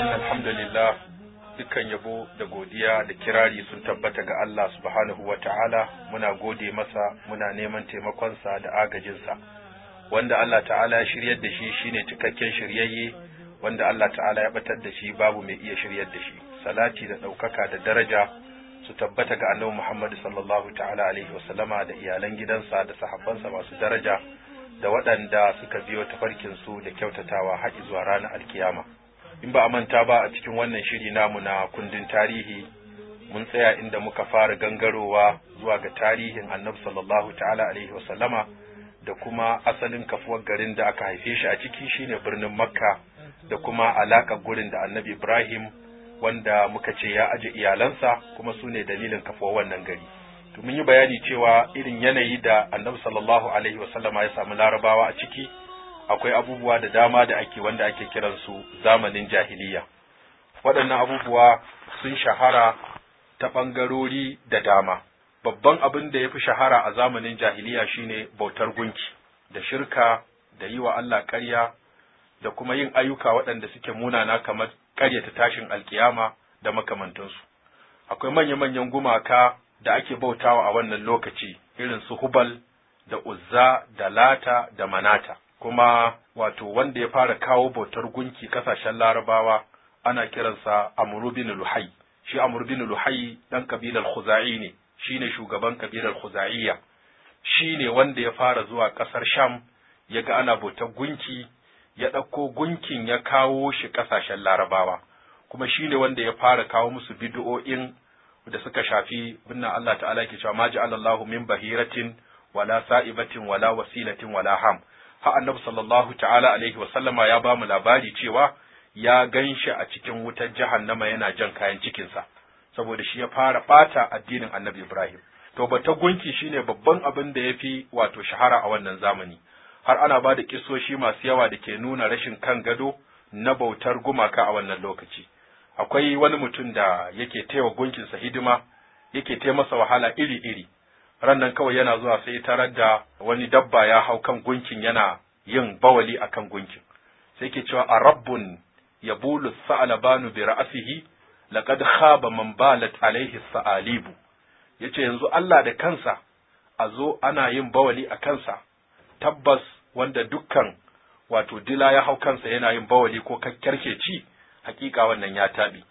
Alhamdulillah dukkan yabo da godiya da kirari sun tabbata ga Allah subhanahu wa ta'ala muna gode masa muna neman taimakonsa da agajinsa wanda Allah ta'ala ya shiryar da shi shine cikakken shiryayye wanda Allah ta'ala ya batar da shi babu mai iya shiryar da shi salati da ɗaukaka da daraja su tabbata ga annabi Muhammad sallallahu ta'ala alaihi wasallama da iyalan gidansa da sahabbansa masu daraja da waɗanda suka biyo su da kyautatawa har zuwa ranar alkiyama. in ba a manta ba a cikin wannan shiri namu na kundin tarihi mun tsaya inda muka fara gangarowa zuwa ga tarihin annabi sallallahu ta'ala alaihi wasallama da kuma asalin kafuwar garin da aka haife shi a ciki shine birnin makka da kuma alaƙar gurin da annabi ibrahim wanda muka ce ya aje iyalansa kuma su ne dalilin kafuwar wannan gari to mun yi bayani cewa irin yanayi da annabi sallallahu alaihi wasallama ya samu larabawa a ciki akwai abubuwa da dama da ake wanda ake kiransu zamanin jahiliya waɗannan abubuwa sun shahara ta ɓangarori da dama babban abin da ya fi shahara a zamanin jahiliya shine bautar gunki da shirka da yi wa Allah ƙarya da kuma yin ayyuka waɗanda suke munana kamar ƙaryata tashin alkiyama da makamantansu akwai manya-manyan gumaka da ake bautawa a wannan lokaci irin su hubal da uzza da lata da manata kuma wato wanda ya fara kawo bautar gunki kasashen larabawa ana kiransa amru bin luhai shi amru bin luhai dan kabilar khuza'i ne shine shugaban kabilar khuza'iyya shine wanda ya fara zuwa kasar sham ya ga ana bautar gunki ya ɗauko gunkin ya kawo shi kasashen larabawa kuma shine wanda ya fara kawo musu bid'o'in da suka shafi binna Allah ta'ala ke cewa ma ja'alallahu min bahiratin wala sa'ibatin wala wasilatin wala ham ha annabi sallallahu ta'ala alaihi wa sallama ya bamu labari cewa ya ganshi a cikin wutar jahannama yana jan kayan cikinsa saboda shi ya fara ɓata addinin annabi Ibrahim to bata gunki shine babban abin da yafi wato shahara a wannan zamani har ana ba da kisoshi masu yawa da ke nuna rashin kan gado na bautar gumaka a wannan lokaci akwai wani mutum da yake taiwa gunkinsa hidima yake masa wahala iri-iri nan kawai yana zuwa sai tarar da wani dabba ya hau kan gunkin yana yin bawali a kan gunkin sai ke cewa a rabbun ya bulu banu bi ra'asihi laƙad khaba man balat alaihi sa'alibu ce yanzu Allah da kansa a zo ana yin bawali a kansa tabbas wanda dukkan wato dila ya hau kansa yana yin bawali ko ci hakika wannan ya taɓi.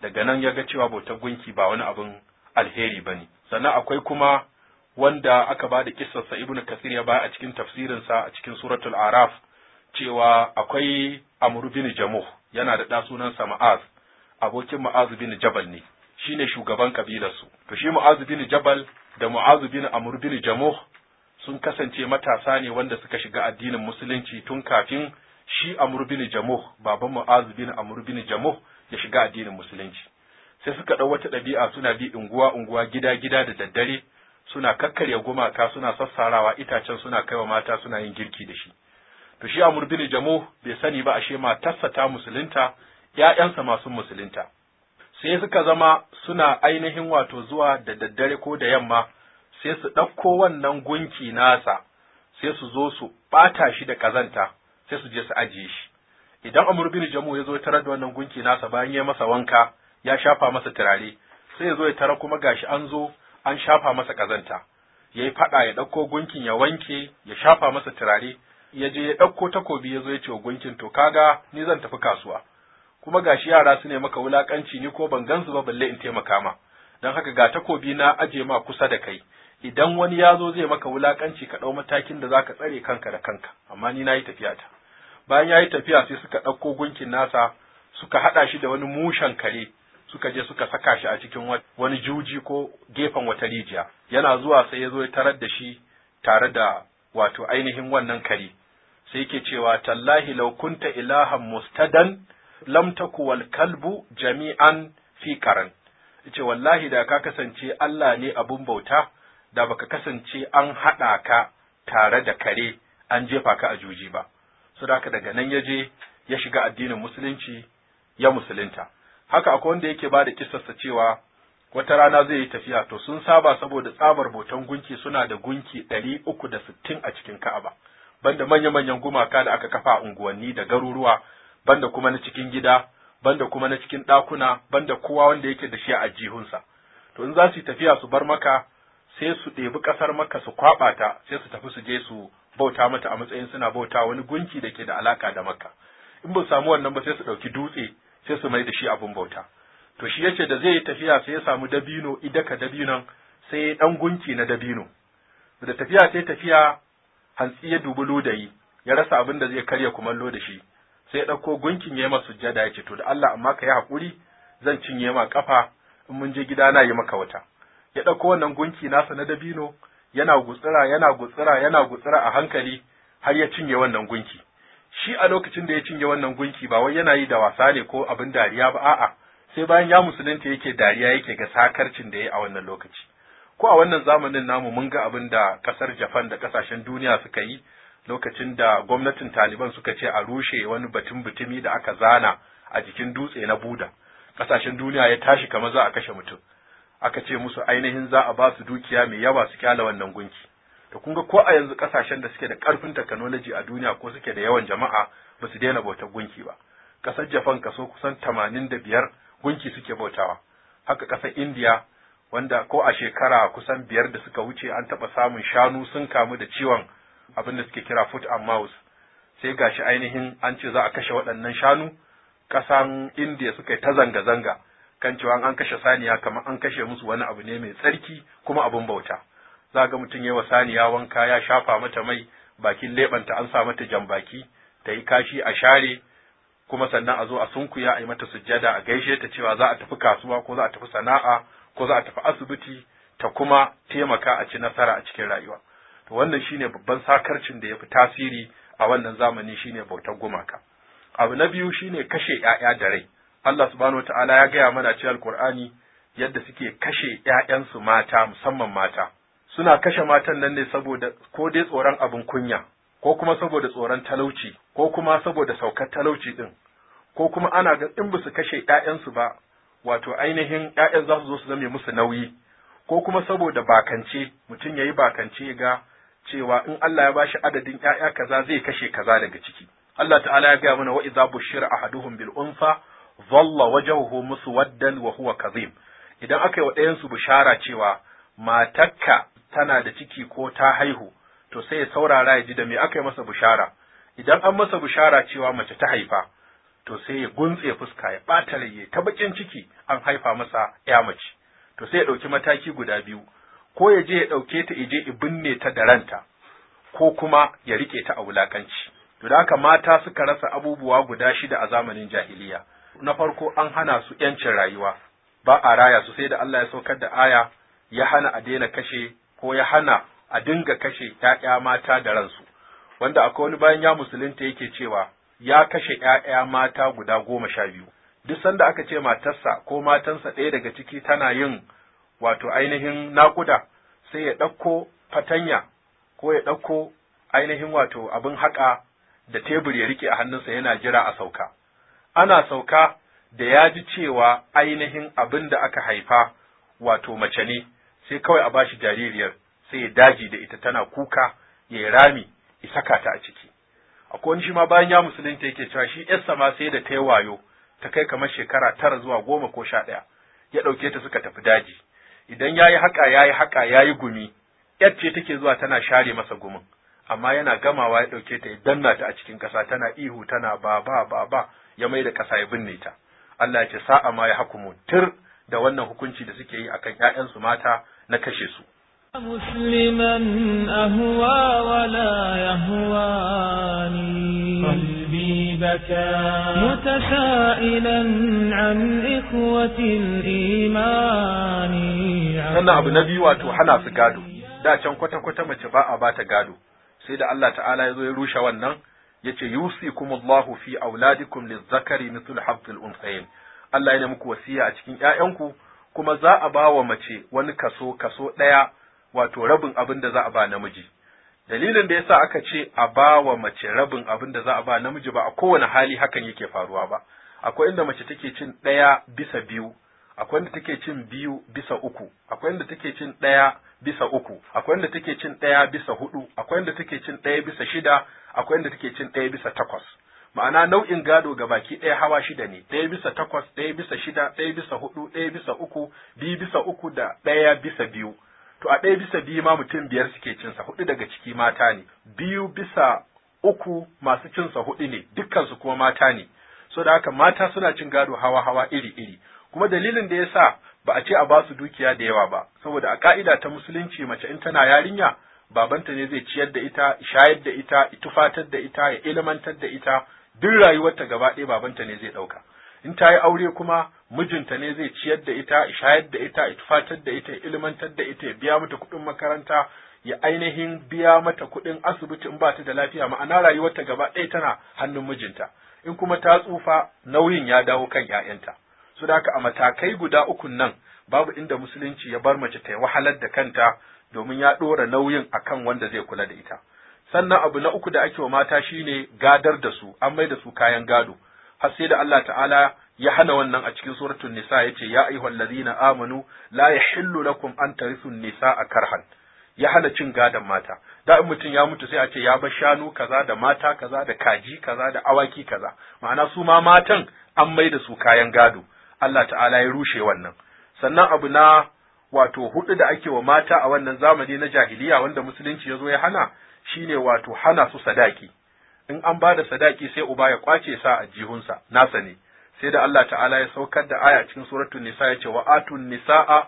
daga nan ya ga cewa bautar gunki ba wani abin alheri ba ne. sannan akwai kuma wanda aka ba da sa ibnu kasir ya baya a cikin tafsirinsa a cikin suratul araf cewa akwai amr bin jamuh yana da ɗa sunansa ma'az abokin ma'az bin jabal ne shine shugaban kabilarsu to shi mu'az bin jabal da mu'az bin amr bin jamuh sun kasance matasa ne wanda suka shiga addinin musulunci tun kafin shi amr bin jamuh baban mu'az bin amr bin jamuh ya shiga addinin musulunci sai suka ɗau wata ɗabi'a suna bi unguwa unguwa gida gida da daddare suna kakkarya gumaka suna sassarawa itacen suna kaiwa mata suna yin girki da shi to shi Amr bin bai sani ba ashe matarsa ta musulunta ’ya'yansa masu musulunta sai suka zama suna ainihin wato zuwa da daddare ko da yamma sai su ɗauko wannan gunki nasa sai su zo su ɓata shi da ƙazanta sai su je su ajiye shi idan Amr bin Jamo ya zo tarar da wannan gunki nasa bayan ya masa wanka ya shafa masa turare sai ya zo ya tara kuma gashi an zo an shafa masa ƙazanta ya yi faɗa ya ɗauko gunkin ya wanke ya shafa masa turare ya je ya ɗauko takobi ya zo ya ce wa gunkin to kaga ni zan tafi kasuwa kuma ga shi yara su ne maka wulaƙanci ni ko ban gansu ba balle in taimaka ma don haka ga takobi na aje ma kusa da kai idan wani ya zo zai maka wulaƙanci ka ɗau matakin da za ka tsare kanka da kanka amma ni na yi tafiya ta bayan ya yi tafiya sai suka ɗauko gunkin nasa suka haɗa shi da wani mushen kare suka je suka saka shi a cikin wani juji ko gefen wata rijiya yana zuwa sai ya zo ya tarar da shi tare da wato ainihin wannan kare. sai yake cewa tallahi law kunta ilahan mustadan lam taku wal kalbu jami'an fi karan yace wallahi da ka kasance Allah ne abun bauta da baka kasance an haɗa ka tare da kare an jefa ka a juji ba saboda daga nan ya je ya shiga addinin musulunci ya musulunta haka akwai wanda yake ba da kisarsa cewa wata rana zai yi tafiya to sun saba saboda tsabar bautan gunki suna da gunki ɗari uku da sittin a cikin Ka'aba banda manya-manyan gumaka da aka kafa a unguwanni da garuruwa banda kuma na cikin gida banda kuma na cikin ɗakuna banda kowa wanda yake da shi a jihunsa to in za su yi tafiya su bar maka sai su ɗebi ƙasar maka su kwaɓa ta sai su tafi su je su bauta mata a matsayin suna bauta wani gunki da ke da alaka da maka. in ba samu wannan ba sai su ɗauki dutse sai su mai da shi abin bauta to shi yace da zai yi tafiya sai ya samu dabino idaka dabinon sai dan gunki na dabino da tafiya sai tafiya hantsi ya dubi lodayi ya rasa abin da zai karya kumallo da shi sai ya ɗauko gunkin ya yi masa sujjada ya ce to da Allah amma ka yi haƙuri zan cinye ma kafa in mun je gida na yi maka wata ya ɗauko wannan gunki nasa na dabino yana gutsira yana gutsira yana gutsira a hankali har ya cinye wannan gunki shi a lokacin da ya cinye wannan gunki ba wai yana yi da wasa ne ko abin dariya ba a'a sai bayan ya musulunta yake dariya yake ga sakarcin da ya a wannan lokaci ko a wannan zamanin namu mun ga abin da kasar Japan da kasashen duniya suka yi lokacin da gwamnatin Taliban suka ce a rushe wani batun butumi da aka zana a jikin dutse na Buda kasashen duniya ya tashi kamar za a kashe mutum aka ce musu ainihin za a ba su dukiya mai yawa su kyale wannan gunki da kun ga ko a yanzu kasashen da suke da karfin technology a duniya ko suke da yawan jama'a ba su daina bautar gunki ba kasar Japan kaso kusan tamanin da biyar gunki suke bautawa haka kasar India wanda ko a shekara kusan biyar da suka wuce an taɓa samun shanu sun kamu da ciwon abin da suke kira foot and mouth sai gashi ainihin an ce za a kashe waɗannan shanu ƙasan indiya suka yi ta zanga-zanga kan cewa an kashe saniya kamar an kashe musu wani abu ne mai tsarki kuma abin bauta za ga mutum yi wa saniya wanka ya shafa mata mai bakin leɓanta an sa mata jambaki ta yi kashi a share kuma sannan a zo a sunkuya a yi mata sujjada a gaishe ta cewa za a tafi kasuwa ko za a tafi sana'a ko za a tafi asibiti ta kuma taimaka a ci nasara a cikin rayuwa to wannan shine babban sakarcin da ya fi tasiri a wannan zamani shine bautar gumaka abu na biyu shine kashe ƴaƴa da rai Allah subhanahu wataala ya gaya mana al Alkur'ani yadda suke kashe ƴaƴansu mata musamman mata suna kashe matan nan ne saboda ko dai tsoron abin kunya ko kuma saboda tsoron talauci ko kuma saboda saukar talauci din ko kuma ana ga in su kashe 'ya'yansu ba wato ainihin 'ya'yan za su zo su zame musu nauyi ko kuma saboda bakance mutum ya yayi bakance ga cewa in Allah ya bashi adadin ƴaƴa kaza zai kashe kaza daga ciki Allah ta'ala ya gaya mana wa'iza idza bushira ahaduhum bil unsa dhalla musu waddan wa huwa idan aka yi wa ɗayansu bishara cewa matakka tana da ciki ko ta haihu to sai ya saurara ya ji da me aka yi masa bushara idan an masa bushara cewa mace ta haifa to sai ya guntse fuska ya ɓata rayye ta bakin ciki an haifa masa ya mace to sai ya ɗauki mataki guda biyu ko ya je ya ɗauke ta ije ya binne ta da ranta ko kuma ya riƙe ta a wulakanci to da haka mata suka rasa abubuwa guda shida a zamanin jahiliya na farko an hana su ‘yancin rayuwa, ba a raya su sai da Allah ya saukar da aya ya hana a daina kashe ko ya hana a dinga kashe ‘ya'ya mata da ransu, wanda akwai wani bayan ya musulunta yake cewa ya kashe ‘ya'ya mata guda goma sha biyu. Duk sanda aka ce matarsa ko matansa ɗaya daga ciki tana yin wato ainihin naƙuda sai ya ɗauko fatanya ko ya ɗauko ainihin wato abin haƙa da tebur ya rike a hannunsa yana jira a sauka. Ana sauka da ya ji cewa ainihin abin da aka haifa wato mace ne, sai kawai a bashi jaririyar sai ya daji da ita tana kuka ya yi rami ya saka ta a ciki akwai wani shi ma bayan ya musulunta yake cewa shi yarsa ma sai da ta yi wayo ta kai kamar shekara tara zuwa goma ko sha ɗaya ya ɗauke ta suka tafi daji idan ya yi haƙa ya yi haƙa ya yi gumi yar ce take zuwa tana share masa gumin amma yana gamawa ya ɗauke ta ya danna ta a cikin ƙasa tana ihu tana ba ba ba ba ya mai da ƙasa ya binne ta Allah ya ce sa'a ma ya hakumu tir da wannan hukunci da suke yi akan ƴaƴansu mata na kashe su ahuwa wala yahuwa يهواني قلبي بكى متسائلا an ikwatin imani. sannan abu na biyu wato hana su gado da can kwata-kwata mace ba a bata gado sai da Allah ta'ala ya zo ya rushe wannan ya ce Allahu fi auladikum lizzakari mithlu hazzil unsayin Allah ya muku wasiya a cikin 'ya'yanku. kuma za a ba wa mace wani kaso kaso ɗaya wato rabin abin da za a ba namiji dalilin da yasa aka ce a ba wa mace rabin abin da za a ba namiji ba a kowane hali hakan yake faruwa ba akwai inda mace take cin ɗaya bisa biyu akwai inda take cin biyu bisa uku akwai inda take cin ɗaya bisa uku akwai inda take cin ɗaya bisa hudu akwai inda take cin ɗaya bisa shida akwai inda take cin ɗaya bisa takwas ma'ana nau'in gado ga baki ɗaya hawa shida ne ɗaya bisa takwas ɗaya bisa shida ɗaya bisa hudu ɗaya bisa uku biyu bisa uku da ɗaya bisa biyu to a ɗaya bisa biyu ma mutum biyar suke cinsa hudu daga ciki mata ne biyu bisa uku masu cinsa hudu ne dukkansu kuma mata ne so da haka mata suna cin gado hawa hawa iri iri kuma dalilin da ya sa ba a ce a basu dukiya da yawa ba saboda a ka'ida ta musulunci mace in tana yarinya babanta ne zai ciyar da ita shayar da ita tufatar da ita ya ilmantar da ita duk rayuwarta gaba ɗaya babanta ne zai ɗauka in ta yi aure kuma mijinta ne zai ciyar da ita shayar da ita tufatar da ita ilmantar da ita ya biya mata kuɗin makaranta ya ainihin biya mata kuɗin asibiti in ba ta da lafiya ma'ana rayuwarta gaba ɗaya tana hannun mijinta in kuma ta tsufa nauyin ya dawo kan ‘ya'yanta. Su da a matakai guda ukun nan babu inda musulunci ya bar mace ta yi wahalar da kanta domin ya ɗora nauyin akan wanda zai kula da ita. sannan abu na uku da ake wa mata shine gadar da su an mai da su kayan gado har sai da Allah ta'ala ya hana wannan a cikin suratul nisa yace ya Ladina amanu la yahillu lakum an tarithu a karhan ya hana cin gadon mata da in mutum ya mutu sai a ce ya bar shanu kaza da mata kaza da kaji kaza da awaki kaza ma'ana su ma matan an mai da su kayan gado Allah ta'ala ya rushe wannan sannan abu na wato hudu da ake wa mata a wannan zamani na jahiliya wanda musulunci ya zo ya hana shine wato hana su sadaki in an ba da sadaki sai uba ya kwace sa a jihunsa nasa ne sai da Allah ta'ala ya saukar da aya cikin suratul nisa ya ce wa atun nisaa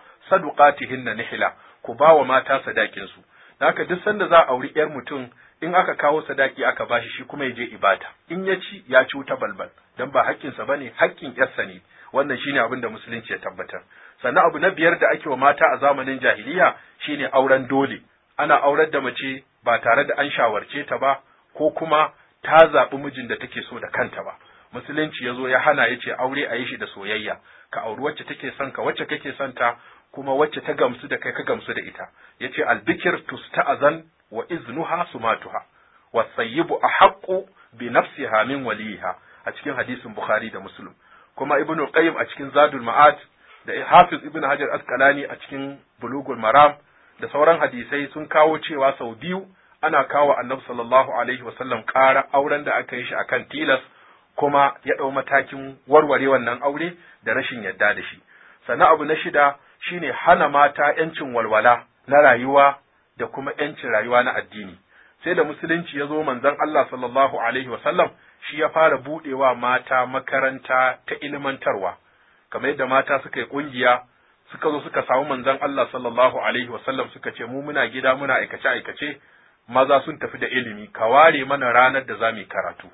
hinna nihla ku ba wa mata sadakinsu. su haka duk sanda za a auri yar mutum in aka kawo sadaki aka bashi shi kuma ya je ibada in ya ci ya ci wuta balbal dan ba haƙƙinsa ne, haƙƙin yarsa ne wannan shine abin da musulunci ya tabbatar sannan abu na biyar da ake wa mata a zamanin jahiliya shine auren dole ana aurar da mace ba tare da an shawarce ta ba ko kuma ta zaɓi mijin da take so da kanta ba musulunci ya zo ya hana ya ce aure a yi shi da soyayya ka auri wacce take son ka wacce kake son ta kuma wacce ta gamsu da kai ka gamsu da ita ya ce albikir tusta'azan wa iznuha sumatuha wa sayyibu ahaqqu bi nafsiha min waliha a cikin hadisin bukhari da muslim kuma ibnu qayyim a cikin zadul ma'ad da hafiz ibnu hajar asqalani a cikin bulugul maram da sauran hadisai sun kawo cewa sau biyu ana kawo annabi sallallahu alaihi wasallam ƙara auren da aka yi shi akan tilas kuma ya ɗau matakin warware wannan aure da rashin yadda da shi sannan abu na shida shine hana mata ‘yancin walwala na rayuwa da kuma ‘yancin rayuwa na addini sai da musulunci ya zo manzon Allah sallallahu alaihi wasallam shi ya fara buɗewa mata makaranta ta ilmantarwa kamar yadda mata suka yi ƙungiya suka zo suka samu manzon Allah sallallahu alaihi wasallam suka ce mu muna gida muna aikace aikace maza sun tafi da ilimi ka ware mana ranar da za mu karatu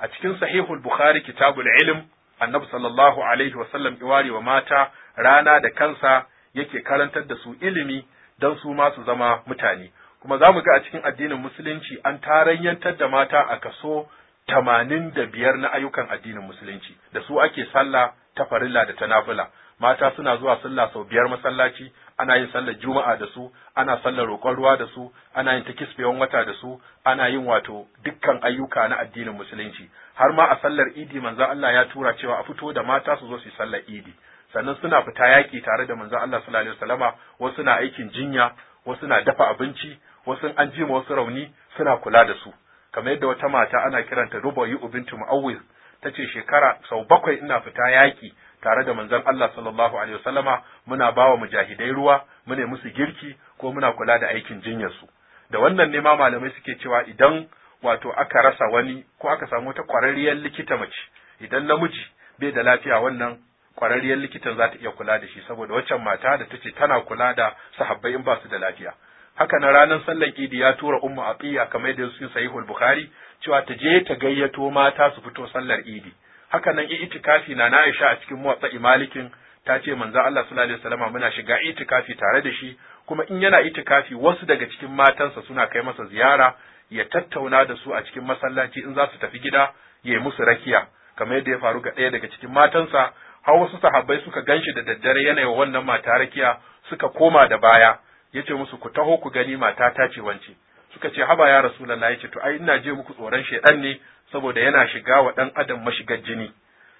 a cikin sahihul bukhari kitabul ilm annabi sallallahu alaihi wasallam ya ware wa mata rana da kansa yake karantar da su ilimi dan su ma su zama mutane kuma za mu ga a cikin addinin musulunci an taranyantar da mata a kaso tamanin da biyar na ayyukan addinin musulunci da su ake sallah ta farilla da ta nafila mata suna zuwa sallah sau biyar masallaci ana yin sallar juma'a da su ana sallar roƙon ruwa da su ana yin ta kisbewan wata da su ana yin wato dukkan ayyuka na addinin musulunci har ma a sallar idi manzo Allah ya tura cewa a fito da mata su zo su yi sallar idi sannan suna fita yaƙi tare da manzo Allah sallallahu alaihi wasallama wasu na aikin jinya wasu na dafa abinci wasu an ji wasu rauni suna kula da su kamar yadda wata mata ana kiranta Rubayu bintu Mu'awwiz tace shekara sau bakwai ina fita yaƙi tare da manzon Allah sallallahu alaihi wasallama muna bawa mujahidai ruwa muna musu girki ko muna kula da aikin jinyarsu da wannan ne ma malamai suke cewa idan wato aka rasa wani ko aka samu wata kwararriyar likita mace idan namiji bai da lafiya wannan ƙwararriyar likitan za ta iya kula da shi saboda waccan mata da ta ce tana kula da sahabbai in ba su da lafiya haka na ranar sallan idi ya tura ummu atiya kamar yadda sun sahihul bukhari cewa ta je ta gayyato mata su fito sallar idi haka nan itikafi na na Aisha a cikin muwatta malikin ta ce manzo Allah sallallahu alaihi wasallama muna shiga itikafi tare da shi kuma in yana itikafi wasu daga cikin matansa suna kai masa ziyara ya tattauna da su a cikin masallaci in za su tafi gida ya yi musu rakiya kamar yadda ya faru ga ɗaya daga cikin matansa har wasu sahabbai suka ganshi da daddare yana wa wannan mata rakiya suka koma da baya yace musu ku taho ku gani mata ta ce wance suka ce haba ya rasulullah yace to ai ina je muku tsoron shedan ne saboda yana shiga wa dan adam mashigar jini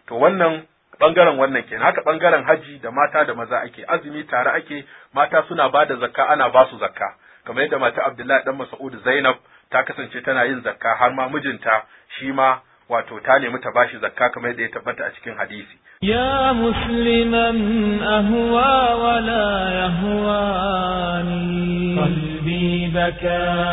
to wannan bangaren wannan kenan haka bangaren haji da mata da maza ake azumi tare ake mata suna ba da zakka ana ba su zakka kamar yadda mata Abdullahi dan Mas'ud Zainab ta kasance tana yin zakka har ma mijinta shi ma wato ta nemi ta bashi zakka kamar yadda ya tabbata a cikin hadisi ya musliman ahwa wa la yahwani qalbi baka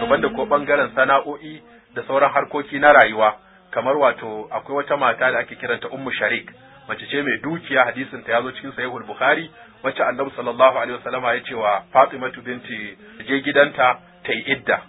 Kamar da ko bangaren sana'o'i da sauran harkoki na rayuwa kamar wato akwai wata mata da ake kiranta ummu sharik mace ce mai dukiya hadisin ta yazo cikin sahihul bukhari wacce annabi sallallahu alaihi wasallama ya ce wa fatimatu binti je gidanta ta yi idda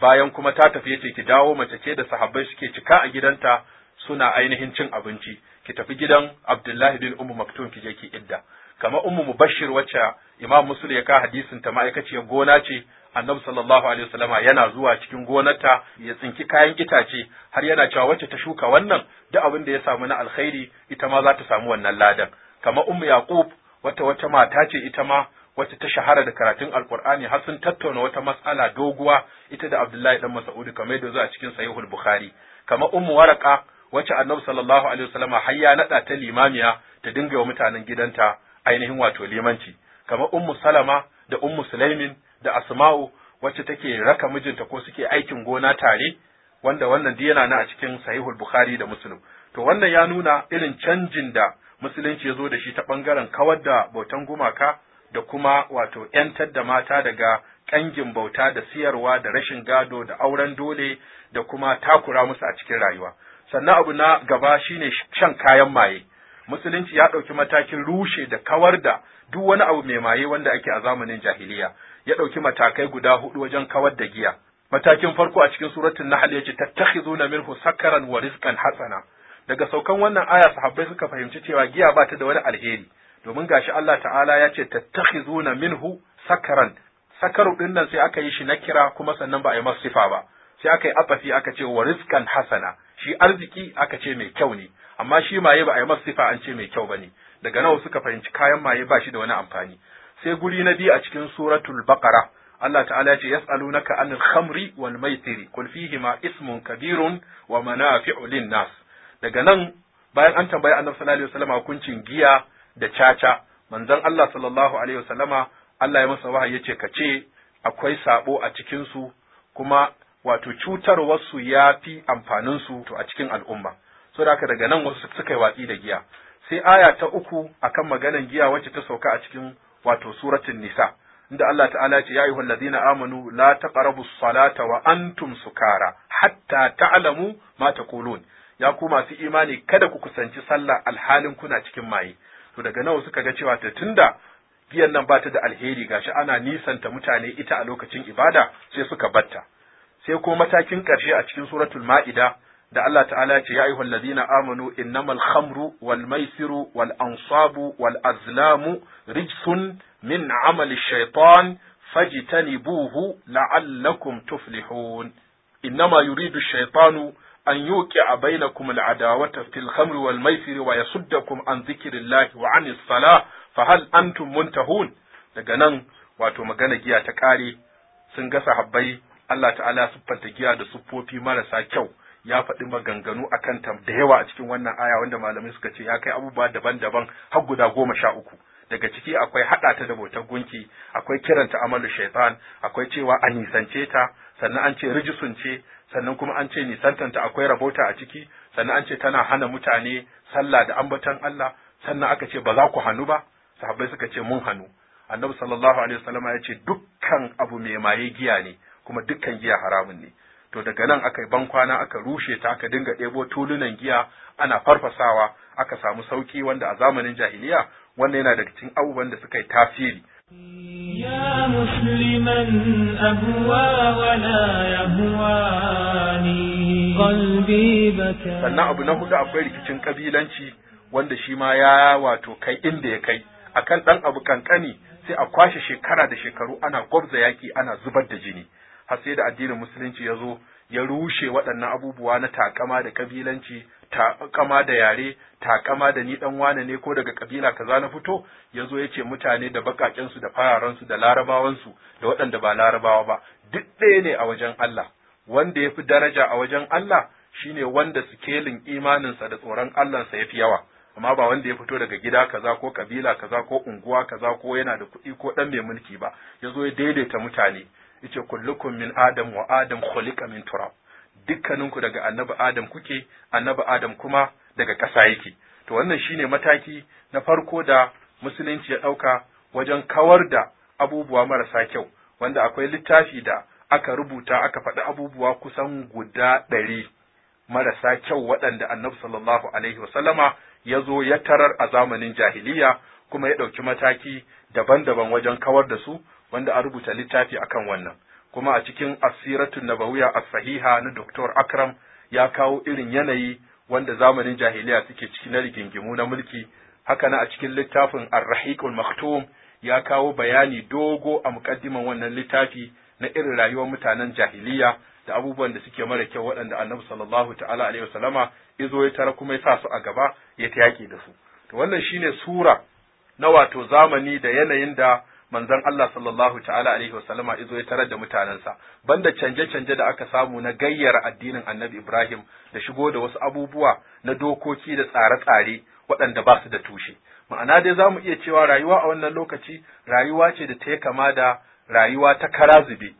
bayan kuma ta tafi yace ki dawo mace ce da sahabbai suke cika a gidanta suna ainihin cin abinci ki tafi gidan Abdullahi bin Ummu Maktum ki je ki idda kama Ummu Mubashir wacce Imam Muslim ya ka hadisin ta ma'aikaciyar gona ce Annabi sallallahu alaihi wasallama yana zuwa cikin gonarta ya tsinki kayan itace har yana cewa wacce ta shuka wannan duk abin da ya samu na alkhairi ita ma za ta samu wannan ladan kama Ummu Yaqub wata wata mata ce ita ma wacce ta shahara da karatun alkur'ani har sun tattauna wata matsala doguwa ita da abdullahi dan mas'ud kamar yadda zuwa cikin sahihul bukhari kamar ummu waraka wacce annabi sallallahu alaihi wasallama har ya nada ta limamiya ta dinga wa mutanen gidanta ainihin wato limanci kamar ummu salama da ummu sulaimin da asma'u wacce take raka mijinta ko suke aikin gona tare wanda wannan duk yana na a cikin sahihul bukhari da muslim to wannan ya nuna irin canjin da musulunci ya zo da shi ta ɓangaren kawar da bautan gumaka da kuma wato ‘yantar da mata daga ƙangin bauta da siyarwa da rashin gado da auren dole da kuma takura musu a cikin rayuwa. Sannan abu na gaba shi ne shan kayan maye. Musulunci ya ɗauki matakin rushe da kawar da duk wani abu mai maye wanda ake a zamanin jahiliya. Ya ɗauki matakai guda hudu wajen kawar da giya. Matakin farko a cikin suratun Nahl tattaki, zuna, minhu sakaran wa rizqan hasana. Daga saukan wannan aya sahabbai suka fahimci cewa giya ba ta da wani alheri. domin gashi Allah ta'ala ya ce tattakhizuna minhu sakaran sakaru din sai aka yi shi na kira kuma sannan ba a yi masa sifa ba sai aka yi afafi aka ce wa rizqan hasana shi arziki aka ce mai kyau ne amma shi maye ba a yi masa sifa an ce mai kyau bane daga nawa suka fahimci kayan maye ba shi da wani amfani sai guri na biyu a cikin suratul baqara Allah ta'ala ya ce yas'alunaka anil khamri wal maitiri qul fihima ismun kabirun wa manafi'u lin nas daga nan bayan an tambayi annabi sallallahu alaihi wasallam hukuncin giya da caca manzon Allah sallallahu alaihi wasallama Allah ya masa wahayi yace ka ce akwai sabo a cikin su kuma wato su ya fi amfaninsu to a cikin al'umma so da daga nan wasu suka yi watsi da giya sai aya ta uku akan maganan giya wacce ta sauka a cikin wato suratul nisa inda Allah ta'ala ya ce ya ayyuhal ladina amanu la taqrabu salata wa antum sukara hatta ta'lamu ma taqulun ya ku masu imani kada ku kusanci sallah alhalin kuna cikin maye to daga nawa suka ga cewa ta tunda giyan nan ba ta da alheri gashi ana nisanta mutane ita a lokacin ibada sai suka batta sai ko matakin ƙarshe a cikin suratul ma'ida da Allah ta'ala ya ce ya ayyuhal ladina amanu innamal khamru wal maisiru wal ansabu wal azlamu rijsun min amali shaitan fajtanibuhu la'allakum tuflihun innama yuridu shaitanu an yuki a bainakum al'adawata fil mai wal ya wa yasuddakum an zikirillahi wa anis salah fa hal antum muntahun daga nan wato magana giya ta kare sun gasa habbai Allah ta'ala siffanta giya da siffofi marasa kyau ya faɗi maganganu a kan da yawa a cikin wannan aya wanda malamai suka ce ya kai abubuwa daban-daban har guda goma sha uku daga ciki akwai haɗa ta da bautar gunki akwai kiranta amalu shaitan akwai cewa a nisance ta sannan an ce rijisun ce sannan kuma an ce nisantanta akwai rabota a ciki sannan an ce tana hana mutane sallah da ambatan Allah sannan aka ce ba za ku hannu ba sahabbai suka ce mun hannu annabi sallallahu alaihi wasallama ya ce dukkan abu mai maye giya ne kuma dukkan giya haramun ne to daga nan aka yi bankwana aka rushe ta aka dinga ɗebo tulunan giya ana farfasawa aka samu sauki wanda a zamanin jahiliya wannan yana daga cikin abubuwan da suka yi tasiri يا مسلما ولا يهواني قلبي بكى sannan abu na hudu akwai rikicin kabilanci wanda shi ma ya wato kai inda ya kai akan dan abu kankani sai a kwashe shekara da shekaru ana gwabza yaki ana zubar da jini har sai da addinin musulunci ya zo ya rushe waɗannan abubuwa na takama da kabilanci takama da yare takama da ni dan wane ne ko daga kabila kaza na fito yazo ce mutane da bakaken su da fararen su da larabawan su da waɗanda ba larabawa ba duk ɗaya ne a wajen Allah wanda yafi daraja a wajen Allah shine wanda sikelin imaninsa da tsoron sa yafi yawa amma ba wanda ya fito daga gida kaza ko kabila kaza ko unguwa kaza ko yana da kuɗi ko dan mai mulki ba yazo ya daidaita mutane yace kullukum min adam wa adam khuliqa min turab dukkaninku daga annabi Adam kuke annabi Adam kuma daga ƙasa yake to wannan shine mataki na farko da musulunci ya ɗauka wajen kawar da abubuwa marasa kyau wanda akwai littafi da aka rubuta aka faɗi abubuwa kusan guda ɗari marasa kyau waɗanda annabi sallallahu alaihi wasallama ya zo ya tarar a zamanin jahiliya kuma ya ɗauki mataki daban-daban wajen kawar da su wanda a rubuta littafi akan wannan kuma a cikin asiratun nabawiya a sahiha na Dr. Akram ya kawo irin yanayi wanda zamanin jahiliya suke ciki na rigingimu na mulki haka na a cikin littafin al Maktum ya kawo bayani dogo a muƙaddiman wannan littafi na irin rayuwar mutanen jahiliya da abubuwan da suke mara kyau waɗanda Annabi sallallahu ta'ala alaihi wasallama izo ya tara kuma ya sa su a gaba ya ta yaƙi da su to wannan shine sura na wato zamani da yanayin da manzon Allah sallallahu ta'ala alaihi wasallama izo ya tarar da mutanensa banda canje-canje da aka samu na gayyar addinin Annabi Ibrahim da shigo da wasu abubuwa na dokoki da tsare-tsare waɗanda ba su da tushe ma'ana dai zamu iya cewa rayuwa a wannan lokaci rayuwa ce da ta kama da rayuwa ta karazube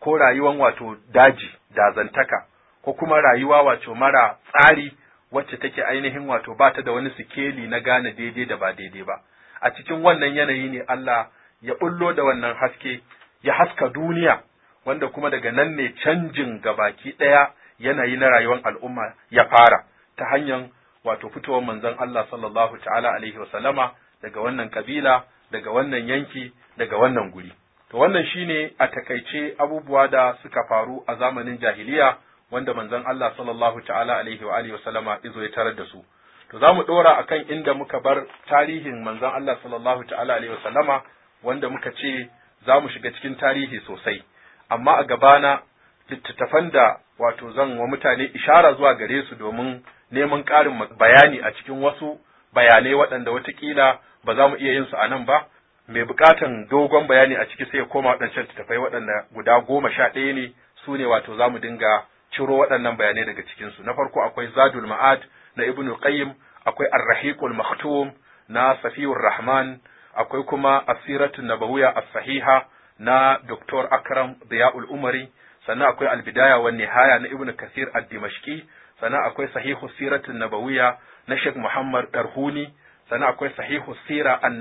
ko rayuwan wato daji dazantaka ko kuma rayuwa wato mara tsari wacce take ainihin wato ba ta da wani sikeli na gane daidai da ba daidai ba a cikin wannan yanayi ne Allah ya bullo da wannan haske ya haska duniya wanda kuma daga nan ne canjin gabaki ɗaya yanayi na rayuwar al'umma ya fara ta hanyar wato fitowar manzon Allah sallallahu ta'ala alaihi wa sallama daga wannan kabila daga wannan yanki daga wannan guri to wannan shine a takaice abubuwa da suka faru a zamanin jahiliya wanda manzon Allah sallallahu ta'ala alaihi wa izo ya tarar da su to za zamu dora akan inda muka bar tarihin manzon Allah sallallahu ta'ala alaihi wa sallama wanda muka ce za mu shiga cikin tarihi sosai amma a gabana littattafan da wato zan wa mutane ishara zuwa gare su domin neman ƙarin bayani a cikin wasu bayanai waɗanda watakila ba za mu iya yin su a nan ba mai buƙatan dogon bayani a ciki sai ya koma waɗancan littattafai waɗanda guda goma sha ɗaya ne su ne wato za mu dinga ciro waɗannan bayanai daga cikinsu na farko akwai zadul ma'ad na ibnu qayyim akwai ar-rahiqul maktum na safiyur rahman akwai kuma asiratun nabawiya a sahiha na Dr. Akram ziya'ul Umari sannan akwai albidaya wa nihaya na Ibn Kathir ad Dimashki. sannan akwai sahihu siratun nabawiya na Sheikh Muhammad Darhuni sannan akwai sahihu sira an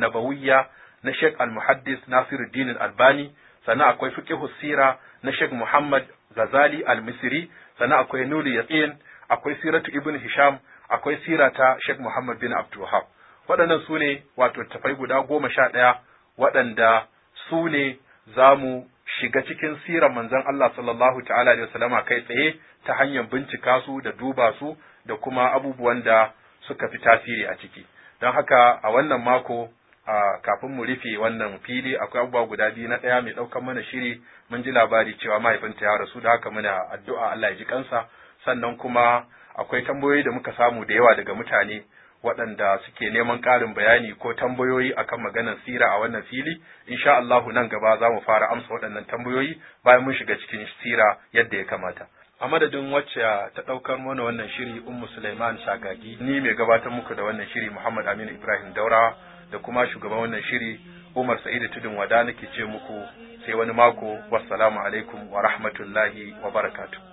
na Sheikh al-Muhaddis Nasiruddin albani sannan akwai fiqhu sira na Sheikh Muhammad Ghazali al-Misri sannan akwai Nuri Yaqin akwai siratu Ibn Hisham akwai sira ta Sheikh Muhammad bin Abdul Wahab waɗannan su ne wato tafai guda goma sha ɗaya waɗanda su ne za mu shiga cikin siran manzon Allah sallallahu ta'ala alaihi wasallama kai tsaye ta hanyar bincika su da duba su da kuma abubuwan da suka fi tasiri a ciki don haka a wannan mako a kafin mu rufe wannan fili akwai abubuwa guda biyu na ɗaya mai ɗaukar mana shiri mun ji labari cewa mahaifinta ya rasu da haka muna addu'a Allah ya ji kansa sannan kuma akwai tambayoyi da muka samu da yawa daga mutane waɗanda suke neman ƙarin bayani ko tambayoyi akan maganar sira a wannan fili insha Allahu nan gaba za mu fara amsa waɗannan tambayoyi bayan mun shiga cikin sira yadda ya kamata a madadin wacce ta ɗaukar mana wannan shiri ummu Sulaiman Shagagi ni mai gabatar muku da wannan shiri Muhammad Aminu Ibrahim Daura da kuma shugaban wannan shiri Umar Sa'idu Tudun Wada nake ce muku sai wani mako wassalamu alaikum wa rahmatullahi wa barakatuh